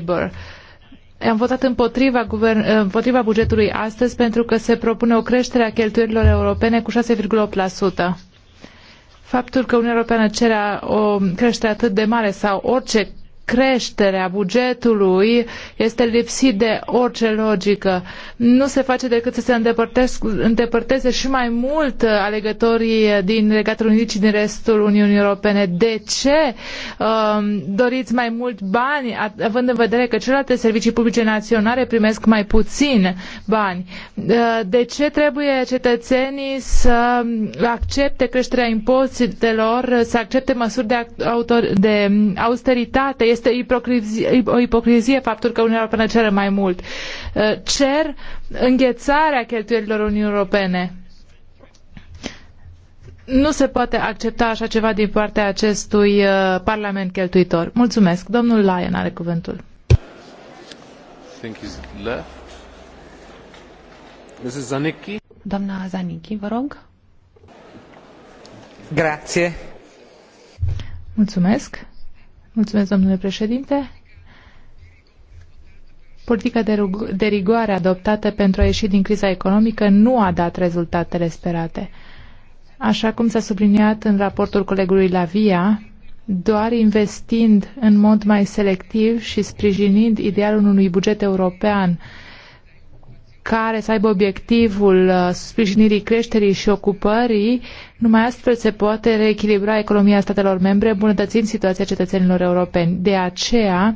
Aber. Am votat împotriva, guvern, împotriva bugetului astăzi pentru că se propune o creștere a cheltuielilor europene cu 6,8%. Faptul că Uniunea Europeană cere o creștere atât de mare sau orice creșterea bugetului este lipsit de orice logică. Nu se face decât să se îndepărteze și mai mult alegătorii din Regatul Unit și din restul Uniunii Europene. De ce um, doriți mai mult bani, având în vedere că celelalte servicii publice naționale primesc mai puțin bani? Uh, de ce trebuie cetățenii să accepte creșterea impozitelor, să accepte măsuri de, autor, de austeritate? Este ipocrizie, o ipocrizie faptul că Uniunea Europeană cere mai mult. Uh, cer înghețarea cheltuielilor Uniunii Europene. Nu se poate accepta așa ceva din partea acestui uh, Parlament cheltuitor. Mulțumesc. Domnul Lyon are cuvântul. Zanicki. Doamna Zanicki, vă rog. Grație. Mulțumesc. Mulțumesc, domnule președinte. Politica de, de rigoare adoptată pentru a ieși din criza economică nu a dat rezultatele sperate. Așa cum s-a subliniat în raportul colegului Lavia, doar investind în mod mai selectiv și sprijinind idealul unui buget european care să aibă obiectivul uh, sprijinirii creșterii și ocupării, numai astfel se poate reechilibra economia statelor membre, îmbunătățind situația cetățenilor europeni. De aceea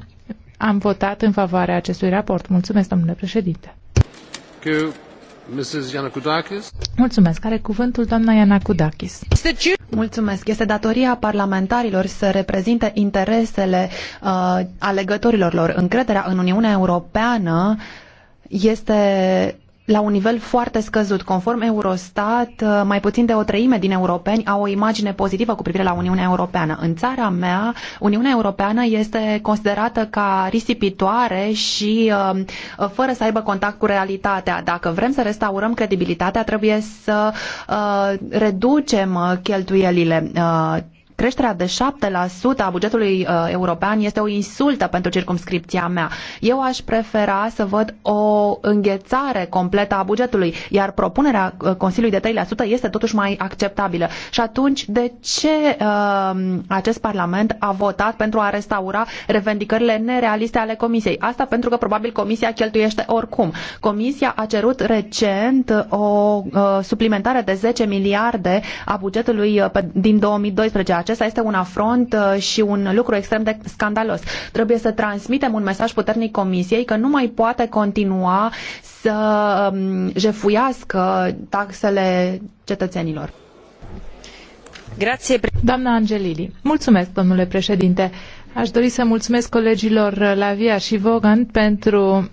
am votat în favoarea acestui raport. Mulțumesc, domnule președinte. Mulțumesc. Are cuvântul doamna Yanakudakis. Mulțumesc. Este datoria parlamentarilor să reprezinte interesele uh, alegătorilor lor. Încrederea în Uniunea Europeană este la un nivel foarte scăzut. Conform Eurostat, uh, mai puțin de o treime din europeni au o imagine pozitivă cu privire la Uniunea Europeană. În țara mea, Uniunea Europeană este considerată ca risipitoare și um, fără să aibă contact cu realitatea. Dacă vrem să restaurăm credibilitatea, trebuie să uh, reducem uh, cheltuielile Creșterea de 7% a bugetului uh, european este o insultă pentru circumscripția mea. Eu aș prefera să văd o înghețare completă a bugetului, iar propunerea uh, Consiliului de 3% este totuși mai acceptabilă. Și atunci, de ce uh, acest Parlament a votat pentru a restaura revendicările nerealiste ale Comisiei? Asta pentru că probabil Comisia cheltuiește oricum. Comisia a cerut recent uh, o uh, suplimentare de 10 miliarde a bugetului uh, pe, din 2012 acesta este un afront uh, și un lucru extrem de scandalos. Trebuie să transmitem un mesaj puternic Comisiei că nu mai poate continua să um, jefuiască taxele cetățenilor. Grație. Doamna Angelili, mulțumesc, domnule președinte. Aș dori să mulțumesc colegilor uh, Lavia și Vogan pentru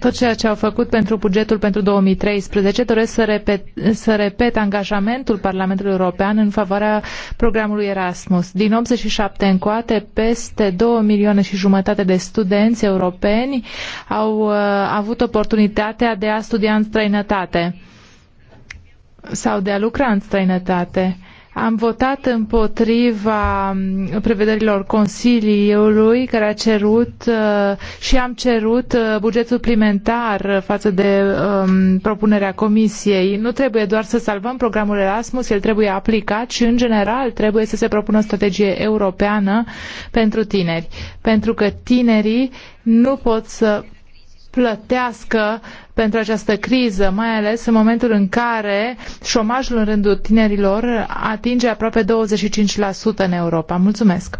tot ceea ce au făcut pentru bugetul pentru 2013. Doresc să repet, să repet angajamentul Parlamentului European în favoarea programului Erasmus. Din 87 încoate, peste 2 milioane și jumătate de studenți europeni au uh, avut oportunitatea de a studia în străinătate sau de a lucra în străinătate. Am votat împotriva mm, prevederilor Consiliului care a cerut uh, și am cerut uh, buget suplimentar față de um, propunerea Comisiei. Nu trebuie doar să salvăm programul Erasmus, el trebuie aplicat și în general trebuie să se propună o strategie europeană pentru tineri, pentru că tinerii nu pot să plătească pentru această criză, mai ales în momentul în care șomajul în rândul tinerilor atinge aproape 25% în Europa. Mulțumesc!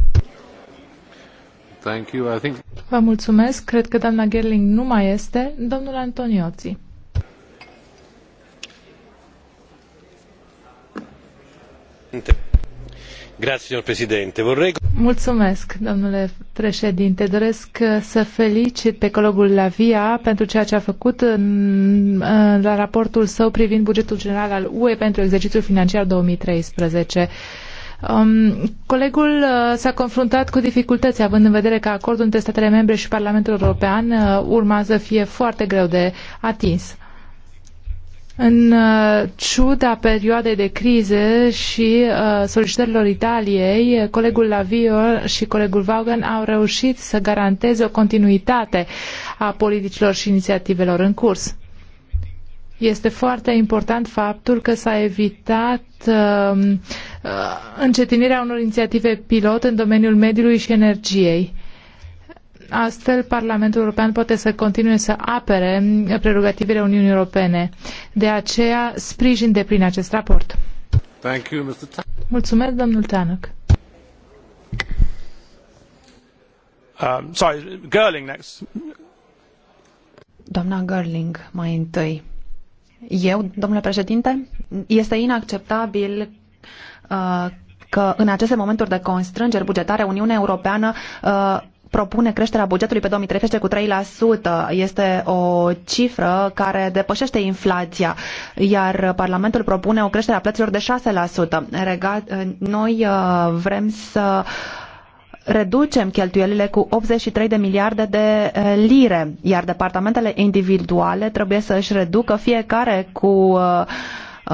Thank you. I think... Vă mulțumesc. Cred că doamna Gerling nu mai este. Domnul Antonioții. Thank Mulțumesc, domnule președinte. Doresc uh, să felicit pe colegul Lavia pentru ceea ce a făcut în, la raportul său privind bugetul general al UE pentru exercițiul financiar 2013. Um, colegul uh, s-a confruntat cu dificultăți, având în vedere că acordul între statele membre și Parlamentul European uh, urma să fie foarte greu de atins. În uh, ciuda perioadei de crize și uh, solicitărilor Italiei, colegul Lavio și colegul Vaughan au reușit să garanteze o continuitate a politicilor și inițiativelor în curs. Este foarte important faptul că s-a evitat uh, uh încetinirea unor inițiative pilot în domeniul mediului și energiei. Astfel, Parlamentul European poate să continue să apere prerogativele Uniunii Europene. De aceea, sprijin de plin acest raport. Thank you, Mr. Mulțumesc, domnul Tanuk. Um, sorry, Gerling next. Doamna Gerling, mai întâi. Eu, domnule președinte, este inacceptabil uh, că în aceste momenturi de constrângeri bugetare Uniunea Europeană uh, propune creșterea bugetului pe 2013 cu 3%. Este o cifră care depășește inflația, iar Parlamentul propune o creștere a plăților de 6%. Noi uh, vrem să reducem cheltuielile cu 83 de miliarde de uh, lire, iar departamentele individuale trebuie să își reducă fiecare cu uh, 90%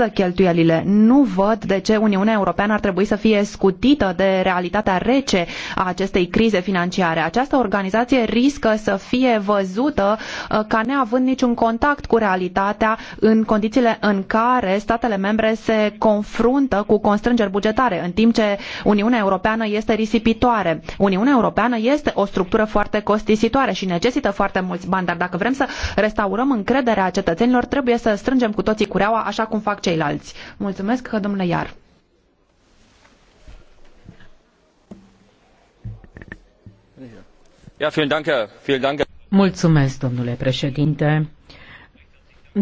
um, cheltuielile. Nu văd de ce Uniunea Europeană ar trebui să fie scutită de realitatea rece a acestei crize financiare. Această organizație riscă să fie văzută uh, ca neavând niciun contact cu realitatea în condițiile în care statele membre se confruntă cu constrângeri bugetare, în timp ce Uniunea Europeană este risipitoare. Uniunea Europeană este o structură foarte costisitoare și necesită foarte mulți bani, dar dacă vrem să restaurăm încrederea cetățenilor, trebuie să strângem cu toții cureaua, așa cum fac ceilalți. Mulțumesc, domnule Iar. Mulțumesc, domnule președinte.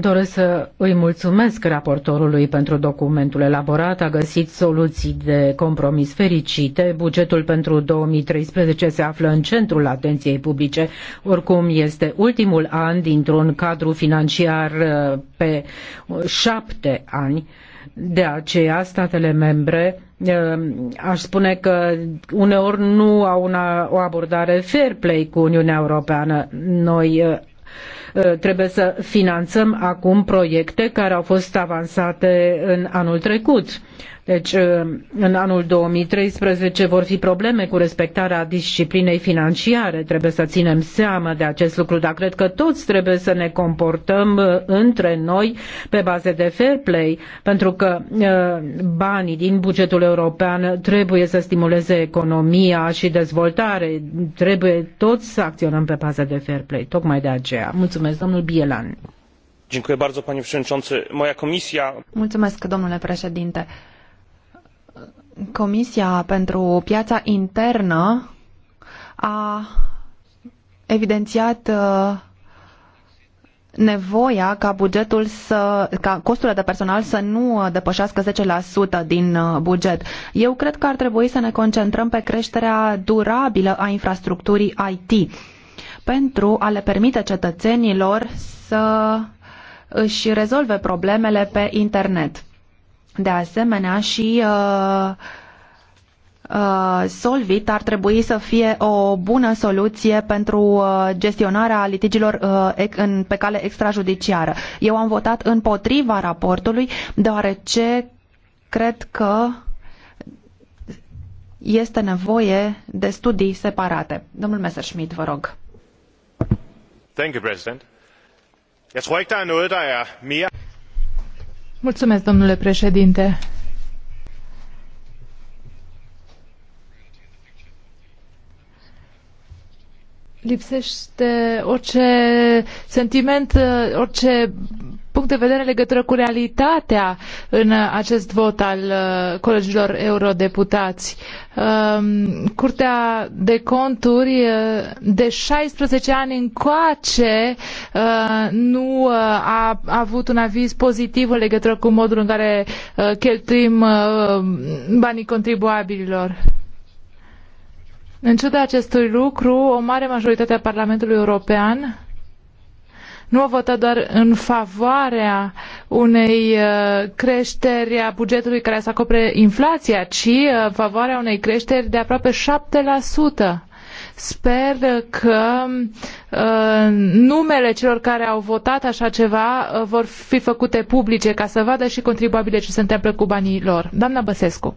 Doresc să îi mulțumesc raportorului pentru documentul elaborat. A găsit soluții de compromis fericite. Bugetul pentru 2013 se află în centrul atenției publice. Oricum, este ultimul an dintr-un cadru financiar uh, pe uh, șapte ani. De aceea, statele membre uh, aș spune că uneori nu au una, o abordare fair play cu Uniunea Europeană. Noi Uh, trebuie să finanțăm acum proiecte care au fost avansate în anul trecut. Deci, uh, în anul 2013 vor fi probleme cu respectarea disciplinei financiare. Trebuie să ținem seama de acest lucru, dar cred că toți trebuie să ne comportăm uh, între noi pe baze de fair play, pentru că uh, banii din bugetul european trebuie să stimuleze economia și dezvoltare. Trebuie toți să acționăm pe baze de fair play. Tocmai de aceea. Mulțumesc, domnul Bielan. Mulțumesc, domnule președinte Comisia pentru piața internă a evidențiat uh, nevoia ca bugetul să, ca costurile de personal să nu uh, depășească 10% din uh, buget. Eu cred că ar trebui să ne concentrăm pe creșterea durabilă a infrastructurii IT pentru a le permite cetățenilor să își rezolve problemele pe internet. De asemenea, și uh, uh, Solvit ar trebui să fie o bună soluție pentru uh, gestionarea litigilor uh, în, pe cale extrajudiciară. Eu am votat împotriva raportului, deoarece cred că este nevoie de studii separate. Domnul Messerschmidt, vă rog. Thank you, President. Jeg tror ikke, der er noget, der er mere... Mulțumesc, domnule președinte. Lipsește orice sentiment, orice punct de vedere legătură cu realitatea în acest vot al uh, colegilor eurodeputați. Um, Curtea de conturi uh, de 16 ani încoace uh, nu a avut un aviz pozitiv în legătură cu modul în care cheltuim banii contribuabililor. În ciuda acestui lucru, o mare majoritate a Parlamentului European nu a votat doar în favoarea unei uh, creșteri a bugetului care să acopere inflația, ci în uh, favoarea unei creșteri de aproape 7%. Sper că uh, numele celor care au votat așa ceva uh, vor fi făcute publice ca să vadă și contribuabile ce se întâmplă cu banii lor. Doamna Băsescu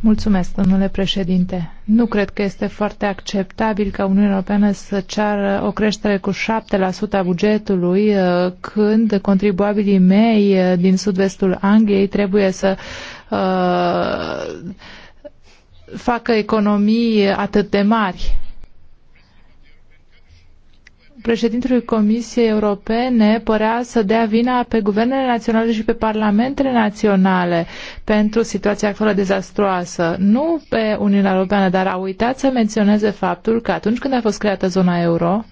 Mulțumesc, domnule președinte. Nu cred că este foarte acceptabil ca Uniunea Europeană să ceară o creștere cu 7% a bugetului uh, când contribuabilii mei uh, din sud-vestul Angliei trebuie să uh, facă economii atât de mari președintelui Comisiei Europene părea să dea vina pe guvernele naționale și pe parlamentele naționale pentru situația actuală dezastruoasă, nu pe Uniunea Europeană, dar a uitat să menționeze faptul că atunci când a fost creată zona euro,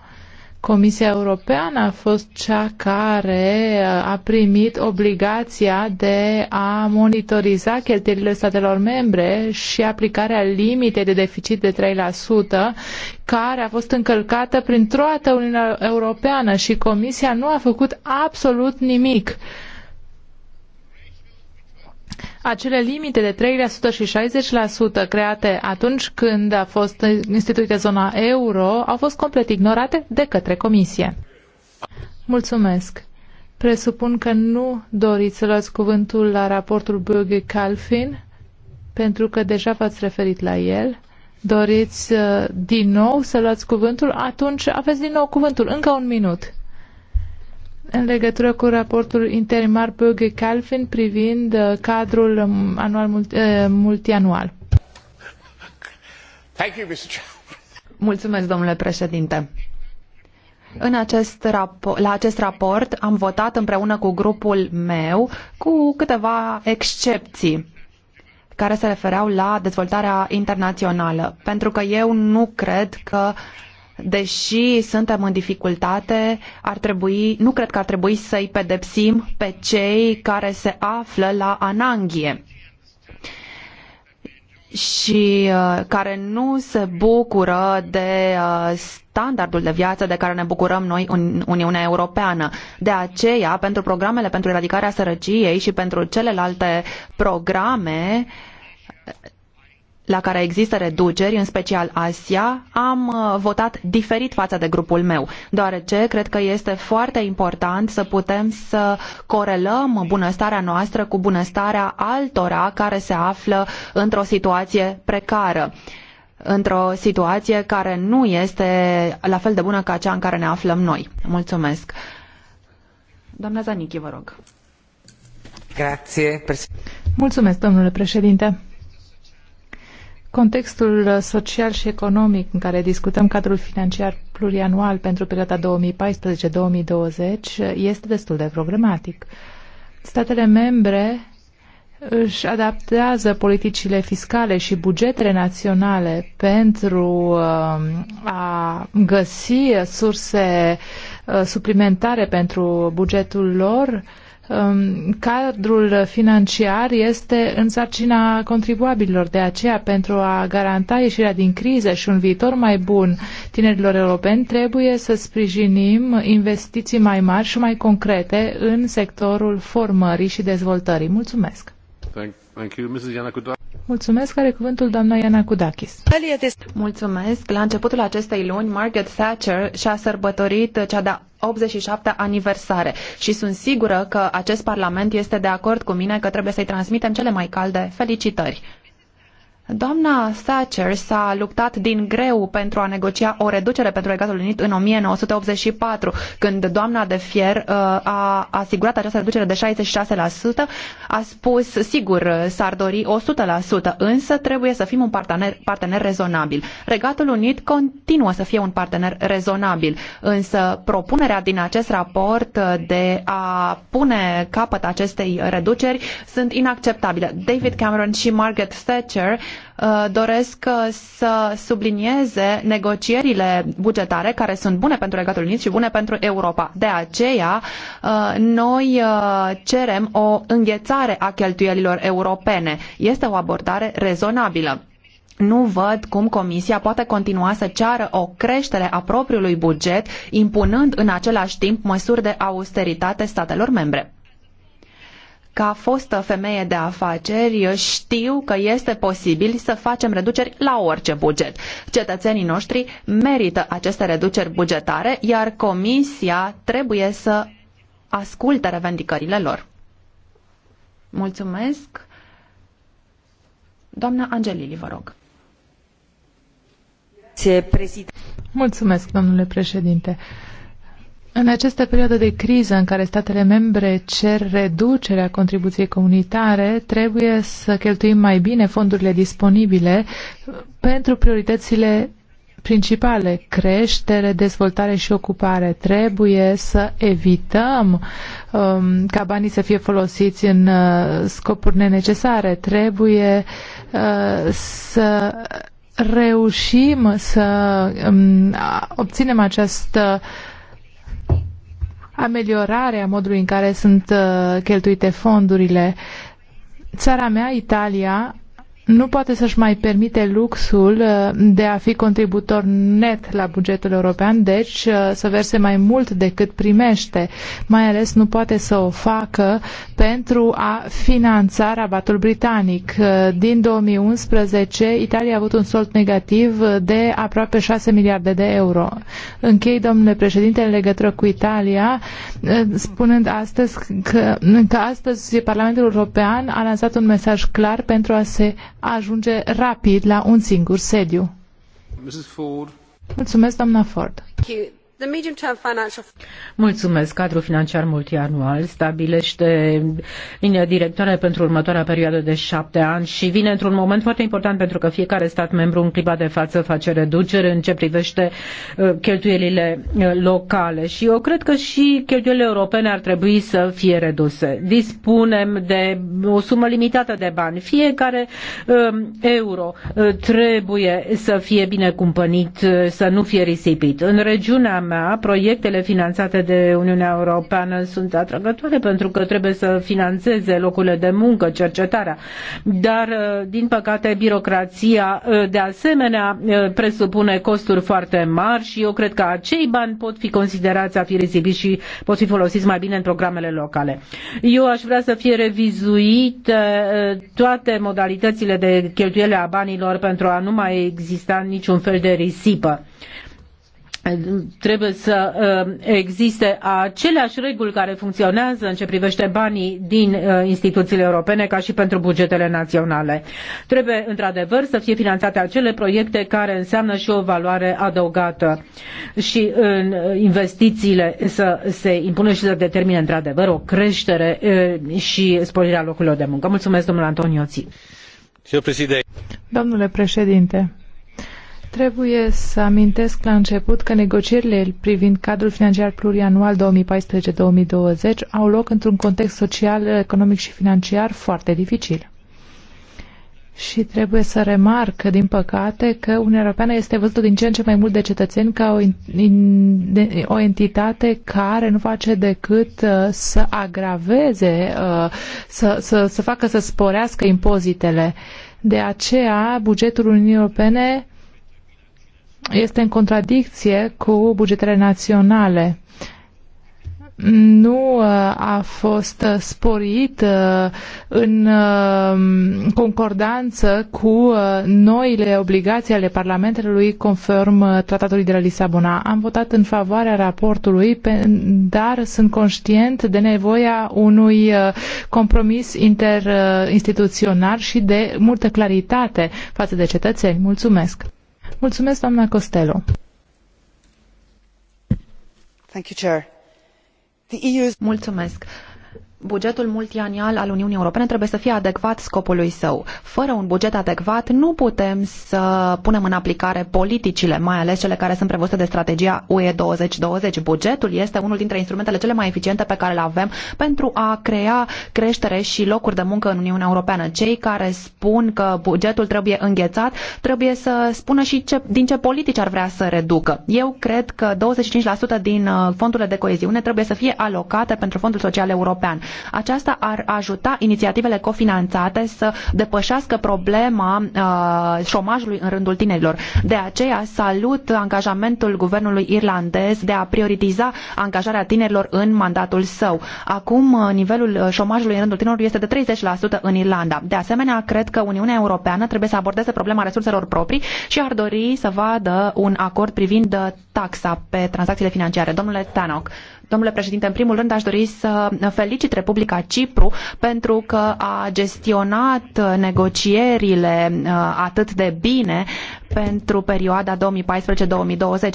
Comisia Europeană a fost cea care uh, a primit obligația de a monitoriza cheltuielile statelor membre și aplicarea limitei de deficit de 3%, care a fost încălcată prin toată Uniunea Europeană și Comisia nu a făcut absolut nimic. Uh, acele limite de 3% și 60% create atunci când a fost instituită zona euro au fost complet ignorate de către Comisie. Mulțumesc. Presupun că nu doriți să luați cuvântul la raportul Böge-Calfin, pentru că deja v-ați referit la el. Doriți uh, din nou să luați cuvântul? Atunci aveți din nou cuvântul. Încă un minut în legătură cu raportul interimar Böge Calvin privind uh, cadrul um, anual mult, uh, multianual. Thank you, Mr. Mulțumesc, domnule președinte. În acest rapo la acest raport am votat împreună cu grupul meu cu câteva excepții care se refereau la dezvoltarea internațională, pentru că eu nu cred că uh, deși suntem în dificultate, ar trebui, nu cred că ar trebui să-i pedepsim pe cei care se află la ananghie și uh, care nu se bucură de uh, standardul de viață de care ne bucurăm noi în Uniunea Europeană. De aceea, pentru programele pentru eradicarea sărăciei și pentru celelalte programe, uh, la care există reduceri, în special Asia, am uh, votat diferit față de grupul meu, deoarece cred că este foarte important să putem să corelăm bunăstarea noastră cu bunăstarea altora care se află într-o situație precară într-o situație care nu este la fel de bună ca cea în care ne aflăm noi. Mulțumesc. Doamna Zanichi, vă rog. Mulțumesc, domnule președinte. Contextul social și economic în care discutăm cadrul financiar plurianual pentru perioada 2014-2020 este destul de problematic. Statele membre își adaptează politicile fiscale și bugetele naționale pentru um, a găsi surse uh, suplimentare pentru bugetul lor Um, cadrul financiar este în sarcina contribuabililor. De aceea, pentru a garanta ieșirea din criză și un viitor mai bun tinerilor europeni, trebuie să sprijinim investiții mai mari și mai concrete în sectorul formării și dezvoltării. Mulțumesc! Thank, thank you, Mrs. Mulțumesc, are cuvântul doamna Iana Kudakis. Mulțumesc. La începutul acestei luni, Margaret Thatcher și-a sărbătorit cea de-a 87-a aniversare și sunt sigură că acest Parlament este de acord cu mine că trebuie să-i transmitem cele mai calde felicitări. Doamna Thatcher s-a luptat din greu pentru a negocia o reducere pentru Regatul Unit în 1984, când doamna de fier uh, a asigurat această reducere de 66%, a spus, sigur, s-ar dori 100%, însă trebuie să fim un partener, partener rezonabil. Regatul Unit continuă să fie un partener rezonabil, însă propunerea din acest raport de a pune capăt acestei reduceri sunt inacceptabile. David Cameron și Margaret Thatcher Uh, doresc uh, să sublinieze negocierile bugetare care sunt bune pentru Regatul Unit și bune pentru Europa. De aceea, uh, noi cerem o înghețare a cheltuielilor europene. Este o abordare rezonabilă. Nu văd cum Comisia poate continua să ceară o creștere a propriului buget, impunând în același timp măsuri de austeritate statelor membre ca fostă femeie de afaceri, știu că este posibil să facem reduceri la orice buget. Cetățenii noștri merită aceste reduceri bugetare, iar Comisia trebuie să asculte revendicările lor. Mulțumesc. Doamna Angelili, vă rog. Mulțumesc, domnule președinte. În această perioadă de criză în care statele membre cer reducerea contribuției comunitare, trebuie să cheltuim mai bine fondurile disponibile pentru prioritățile principale, creștere, dezvoltare și ocupare. Trebuie să evităm um, ca banii să fie folosiți în uh, scopuri nenecesare. Trebuie uh, să reușim să um, obținem această uh, ameliorare a modului în care sunt uh, cheltuite fondurile. Țara mea, Italia, nu poate să-și mai permite luxul uh, de a fi contributor net la bugetul european, deci uh, să verse mai mult decât primește. Mai ales nu poate să o facă pentru a finanța rabatul britanic. Uh, din 2011, Italia a avut un sold negativ de aproape 6 miliarde de euro. Închei, domnule președinte, în legătură cu Italia, spunând astăzi că, că astăzi Parlamentul European a lansat un mesaj clar pentru a se ajunge rapid la un singur sediu. Mulțumesc, doamna Ford. Mulțumesc. Cadrul financiar multianual stabilește linia directoare pentru următoarea perioadă de șapte ani și vine într-un moment foarte important pentru că fiecare stat membru în clipa de față face reduceri în ce privește uh, cheltuielile uh, locale și eu cred că și cheltuielile europene ar trebui să fie reduse. Dispunem de o sumă limitată de bani. Fiecare um, euro uh, trebuie să fie bine cumpănit, să nu fie risipit. În regiunea mea, proiectele finanțate de Uniunea Europeană sunt atrăgătoare pentru că trebuie să finanțeze locurile de muncă, cercetarea. Dar, uh, din păcate, birocrația uh, de asemenea uh, presupune costuri foarte mari și eu cred că acei bani pot fi considerați a fi rezibiți și pot fi folosiți mai bine în programele locale. Eu aș vrea să fie revizuite toate modalitățile de cheltuiele a banilor pentru a nu mai exista niciun fel de risipă trebuie să uh, existe aceleași reguli care funcționează în ce privește banii din uh, instituțiile europene ca și pentru bugetele naționale. Trebuie într-adevăr să fie finanțate acele proiecte care înseamnă și o valoare adăugată și în uh, investițiile să se impună și să determine într-adevăr o creștere și sporirea locurilor de muncă. Mulțumesc, domnule Antonioții. Domnule președinte, Trebuie să amintesc la început că negocierile privind cadrul financiar plurianual 2014-2020 au loc într-un context social, economic și financiar foarte dificil. Și trebuie să remarc, din păcate, că Uniunea Europeană este văzută din ce în ce mai mult de cetățeni ca o, in, de, o entitate care nu face decât uh, să agraveze, uh, să, să, să facă să sporească impozitele. De aceea, bugetul Uniunii Europene este în contradicție cu bugetele naționale. Nu uh, a fost uh, sporit uh, în concordanță cu noile obligații ale Parlamentului conform Tratatului de la Lisabona. Am votat în favoarea raportului, dar sunt conștient de nevoia unui compromis interinstituțional și de multă claritate față de cetățeni. Mulțumesc! Mulțumesc, doamna Costello. Mulțumesc bugetul multianual al Uniunii Europene trebuie să fie adecvat scopului său. Fără un buget adecvat nu putem să punem în aplicare politicile, mai ales cele care sunt prevăzute de strategia UE 2020. Bugetul este unul dintre instrumentele cele mai eficiente pe care le avem pentru a crea creștere și locuri de muncă în Uniunea Europeană. Cei care spun că bugetul trebuie înghețat trebuie să spună și ce, din ce politici ar vrea să reducă. Eu cred că 25% din uh, fondurile de coeziune trebuie să fie alocate pentru Fondul Social European aceasta ar ajuta inițiativele cofinanțate să depășească problema uh, șomajului în rândul tinerilor. De aceea salut angajamentul guvernului irlandez de a prioritiza angajarea tinerilor în mandatul său. Acum uh, nivelul uh, șomajului în rândul tinerilor este de 30% în Irlanda. De asemenea, cred că Uniunea Europeană trebuie să abordeze problema resurselor proprii și ar dori să vadă un acord privind uh, taxa pe tranzacțiile financiare. Domnule Tanoc, Domnule președinte, în primul rând aș dori să felicit Republica Cipru pentru că a gestionat negocierile uh, atât de bine pentru perioada 2014-2020.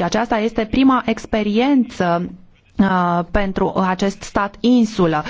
Aceasta este prima experiență uh, pentru acest stat insulă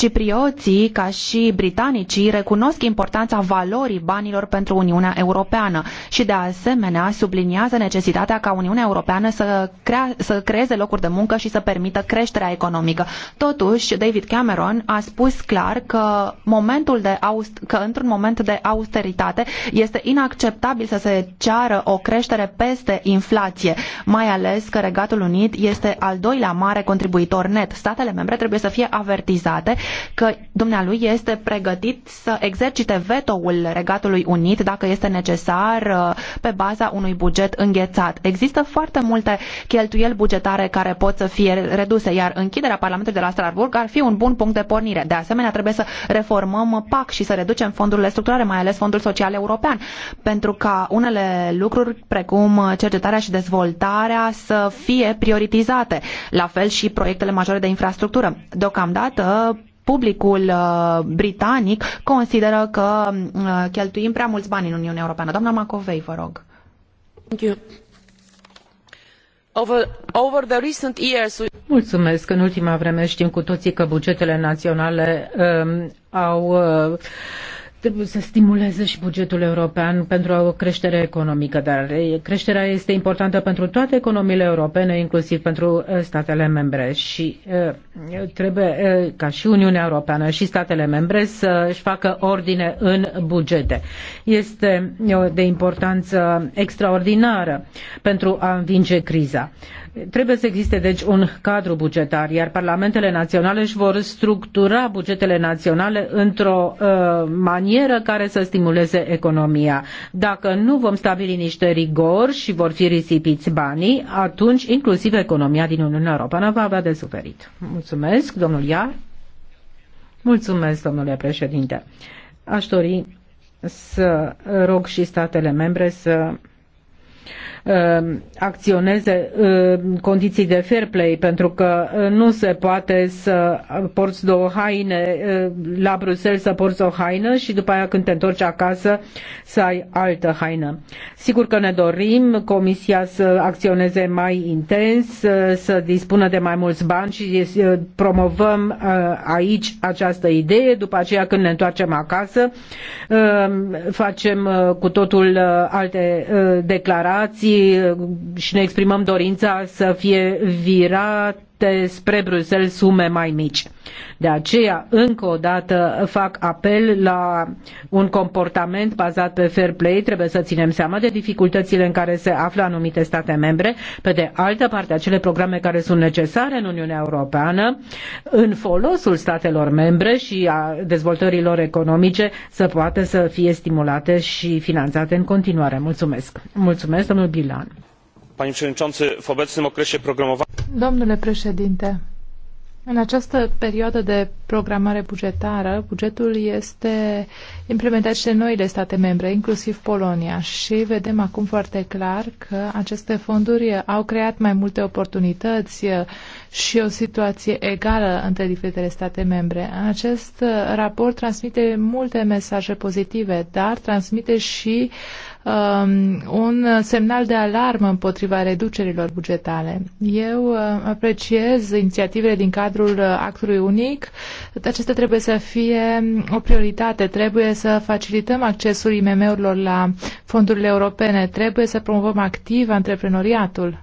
Ciprioții, ca și britanicii, recunosc importanța valorii banilor pentru Uniunea Europeană și, de asemenea, subliniază necesitatea ca Uniunea Europeană să, crea, să creeze locuri de muncă și să permită creșterea economică. Totuși, David Cameron a spus clar că, momentul de că într-un moment de austeritate este inacceptabil să se ceară o creștere peste inflație, mai ales că Regatul Unit este al doilea mare contribuitor net. Statele membre trebuie să fie avertizate că dumnealui este pregătit să exercite vetoul Regatului Unit dacă este necesar uh, pe baza unui buget înghețat. Există foarte multe cheltuieli bugetare care pot să fie reduse, iar închiderea Parlamentului de la Strasbourg ar fi un bun punct de pornire. De asemenea, trebuie să reformăm PAC și să reducem fondurile structurale, mai ales Fondul Social European, pentru ca unele lucruri, precum cercetarea și dezvoltarea, să fie prioritizate. La fel și proiectele majore de infrastructură. Deocamdată, publicul uh, britanic consideră că uh, cheltuim prea mulți bani în Uniunea Europeană. Doamna Macovei, vă rog. Over, over the recent years... Mulțumesc. În ultima vreme știm cu toții că bugetele naționale um, au uh, trebuie să stimuleze și bugetul european pentru o creștere economică, dar creșterea este importantă pentru toate economiile europene, inclusiv pentru uh, statele membre și uh, trebuie uh, ca și Uniunea Europeană și statele membre să își facă ordine în bugete. Este de importanță extraordinară pentru a învinge criza. Trebuie să existe deci un cadru bugetar, iar parlamentele naționale își vor structura bugetele naționale într-o uh, manieră care să stimuleze economia. Dacă nu vom stabili niște rigori și vor fi risipiți banii, atunci inclusiv economia din Uniunea Europeană va avea de suferit. Mulțumesc, domnul Iar. Mulțumesc, domnule președinte. Aș dori să rog și statele membre să Um, acționeze în um, condiții de fair play, pentru că uh, nu se poate să porți două haine uh, la Bruxelles, să porți o haină și după aia când te întorci acasă să ai altă haină. Sigur că ne dorim Comisia să acționeze mai intens, uh, să dispună de mai mulți bani și promovăm aici această idee. După aceea când ne întoarcem acasă um, facem cu totul alte declarații Uh, și ne exprimăm dorința să fie virat trimite spre Bruxelles sume mai mici. De aceea, încă o dată, fac apel la un comportament bazat pe fair play. Trebuie să ținem seama de dificultățile în care se află anumite state membre. Pe de altă parte, acele programe care sunt necesare în Uniunea Europeană, în folosul statelor membre și a dezvoltărilor economice, să poată să fie stimulate și finanțate în continuare. Mulțumesc. Mulțumesc, domnul Bilan. Domnule președinte, în această perioadă de programare bugetară, bugetul este implementat și de noile state membre, inclusiv Polonia, și vedem acum foarte clar că aceste fonduri au creat mai multe oportunități și o situație egală între diferitele state membre. Acest raport transmite multe mesaje pozitive, dar transmite și uh, um, un semnal de alarmă împotriva reducerilor bugetale. Eu uh, apreciez inițiativele din cadrul uh, actului unic. Acestea trebuie să fie o prioritate. Trebuie să facilităm accesul IMM-urilor la fondurile europene. Trebuie să promovăm activ antreprenoriatul.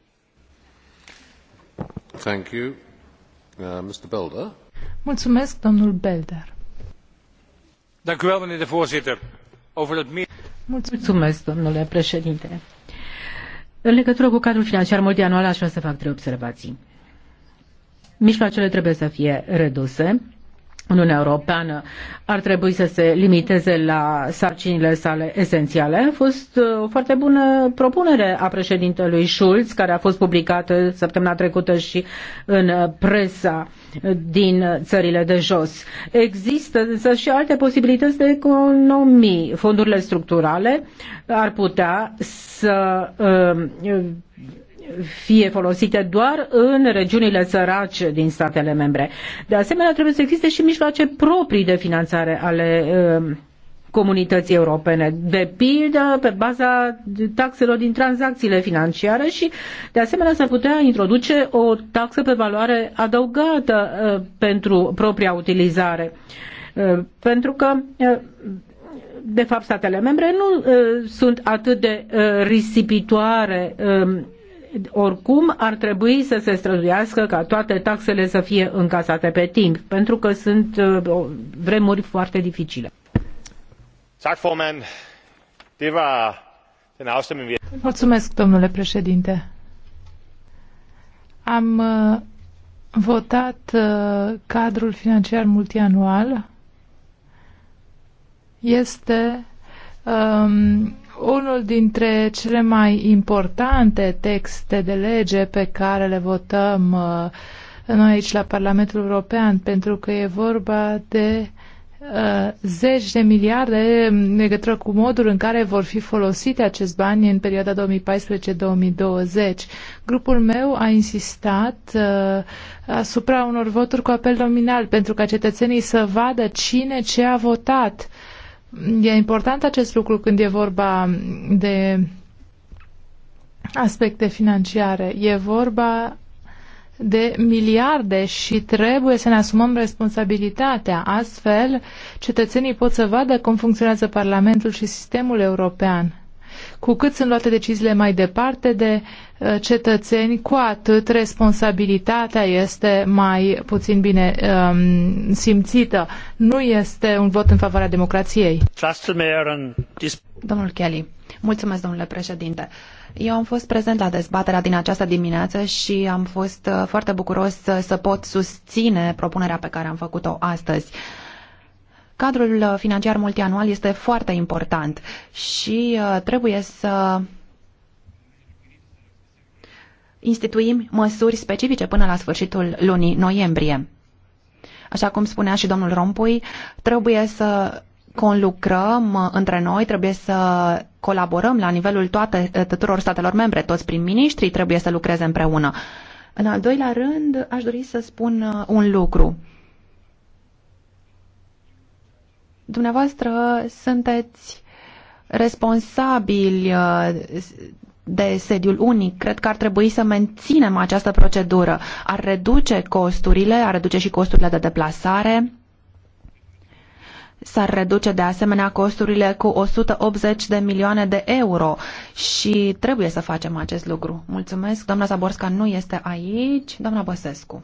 Uh, Mulțumesc, Mulțumesc, domnule președinte. În legătură cu cadrul financiar multianual, aș vrea să fac trei observații. Mijloacele trebuie să fie reduse, Uniunea Europeană ar trebui să se limiteze la sarcinile sale esențiale. A fost uh, o foarte bună propunere a președintelui Schulz, care a fost publicată săptămâna trecută și în presa din țările de jos. Există însă și alte posibilități de economii. Fondurile structurale ar putea să uh, fie folosite doar în regiunile sărace din statele membre. De asemenea, trebuie să existe și mijloace proprii de finanțare ale um, comunității europene, de pildă pe baza taxelor din tranzacțiile financiare și de asemenea să putea introduce o taxă pe valoare adăugată uh, pentru propria utilizare. Uh, pentru că uh, de fapt statele membre nu sunt atât de risipitoare um, oricum ar trebui să se străduiască ca toate taxele să fie încasate pe timp, pentru că sunt uh, vremuri foarte dificile. Mulțumesc, domnule președinte. Am uh, votat uh, cadrul financiar multianual. Este um, unul dintre cele mai importante texte de lege pe care le votăm uh, noi aici la Parlamentul European, pentru că e vorba de uh, zeci de miliarde în legătură cu modul în care vor fi folosite acești bani în perioada 2014-2020. Grupul meu a insistat uh, asupra unor voturi cu apel nominal pentru ca cetățenii să vadă cine ce a votat uh, E important acest lucru când e vorba de aspecte financiare. E vorba de miliarde și trebuie să ne asumăm responsabilitatea. Astfel, cetățenii pot să vadă cum funcționează Parlamentul și sistemul european. Cu cât sunt luate deciziile mai departe de uh, cetățeni, cu atât responsabilitatea este mai puțin bine um, simțită. Nu este un vot în favoarea democrației. Domnul Kelly, mulțumesc, domnule președinte. Eu am fost prezent la dezbaterea din această dimineață și am fost uh, foarte bucuros să pot susține propunerea pe care am făcut-o astăzi. Cadrul uh, financiar multianual este foarte important și uh, trebuie să instituim măsuri specifice până la sfârșitul lunii noiembrie. Așa cum spunea și domnul Rompui, trebuie să conlucrăm uh, între noi, trebuie să colaborăm la nivelul toate, tuturor statelor membre, toți prim-ministrii trebuie să lucreze împreună. În al doilea rând, aș dori să spun un lucru. Dumneavoastră sunteți responsabili uh, de sediul unic. Cred că ar trebui să menținem această procedură. Ar reduce costurile, ar reduce și costurile de deplasare. S-ar reduce de asemenea costurile cu 180 de milioane de euro și trebuie să facem acest lucru. Mulțumesc. Doamna Zaborska nu este aici. Doamna Băsescu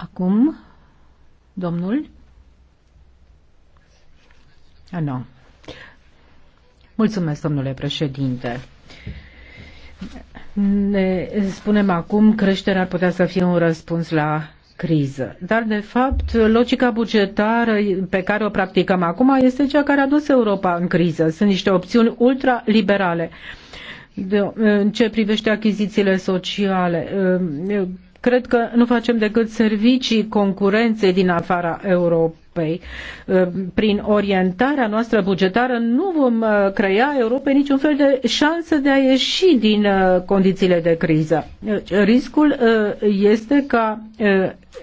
Acum, domnul? A, ah, nu. Mulțumesc, domnule președinte. Ne spunem acum creșterea ar putea să fie un răspuns la criză. Dar, de fapt, logica bugetară pe care o practicăm acum este cea care a dus Europa în criză. Sunt niște opțiuni ultraliberale. De, în ce privește achizițiile sociale, cred că nu facem decât servicii concurenței din afara Europei. Ă, prin orientarea noastră bugetară nu vom ă, crea Europei niciun fel de șansă de a ieși din ă, condițiile de criză. Deci, riscul este ca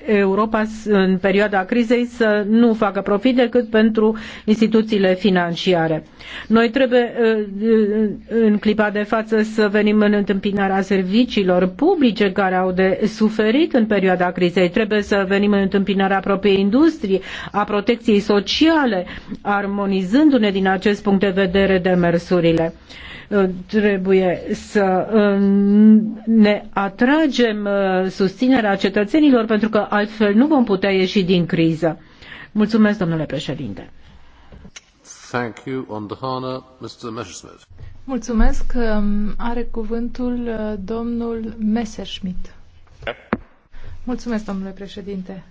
Europa în perioada crizei să nu facă profit decât pentru instituțiile financiare. Noi trebuie uh, uh, în clipa de față să venim în întâmpinarea serviciilor publice care au de suferit în perioada crizei. Trebuie să venim în întâmpinarea propriei industrii, a protecției sociale, armonizându-ne din acest punct de vedere demersurile. Uh, Trebuie să ne atragem uh, susținerea cetățenilor pentru că altfel nu vom putea ieși din criză. Mulțumesc, domnule președinte. Thank you. On the honor, Mr. Messerschmidt. Mulțumesc. Um, are cuvântul uh, domnul Messerschmidt. Mulțumesc, domnule președinte.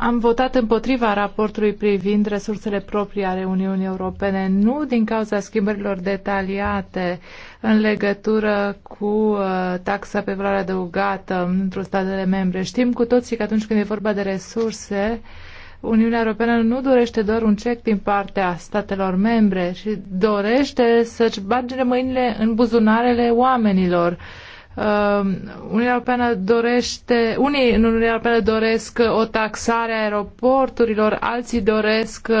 Am votat împotriva raportului privind resursele proprii ale Uniunii Europene, nu din cauza schimbărilor detaliate în legătură cu uh, taxa pe valoare adăugată într-o statele membre. Știm cu toții că atunci când e vorba de resurse, Uniunea Europeană nu dorește doar un cec din partea statelor membre, ci dorește să-și bage mâinile în buzunarele oamenilor Um, Uniunea Europeană dorește, unii în Uniunea Europeană doresc o taxare a aeroporturilor, alții doresc uh,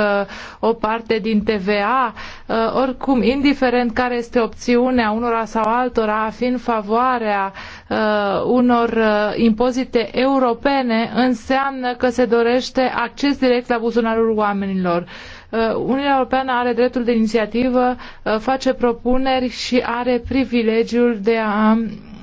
o parte din TVA. Uh, oricum, indiferent care este opțiunea unora sau altora, a fi în favoarea uh, unor impozite europene, înseamnă că se dorește acces direct la buzunarul oamenilor. Uniunea Europeană are dreptul de inițiativă, face propuneri și are privilegiul de a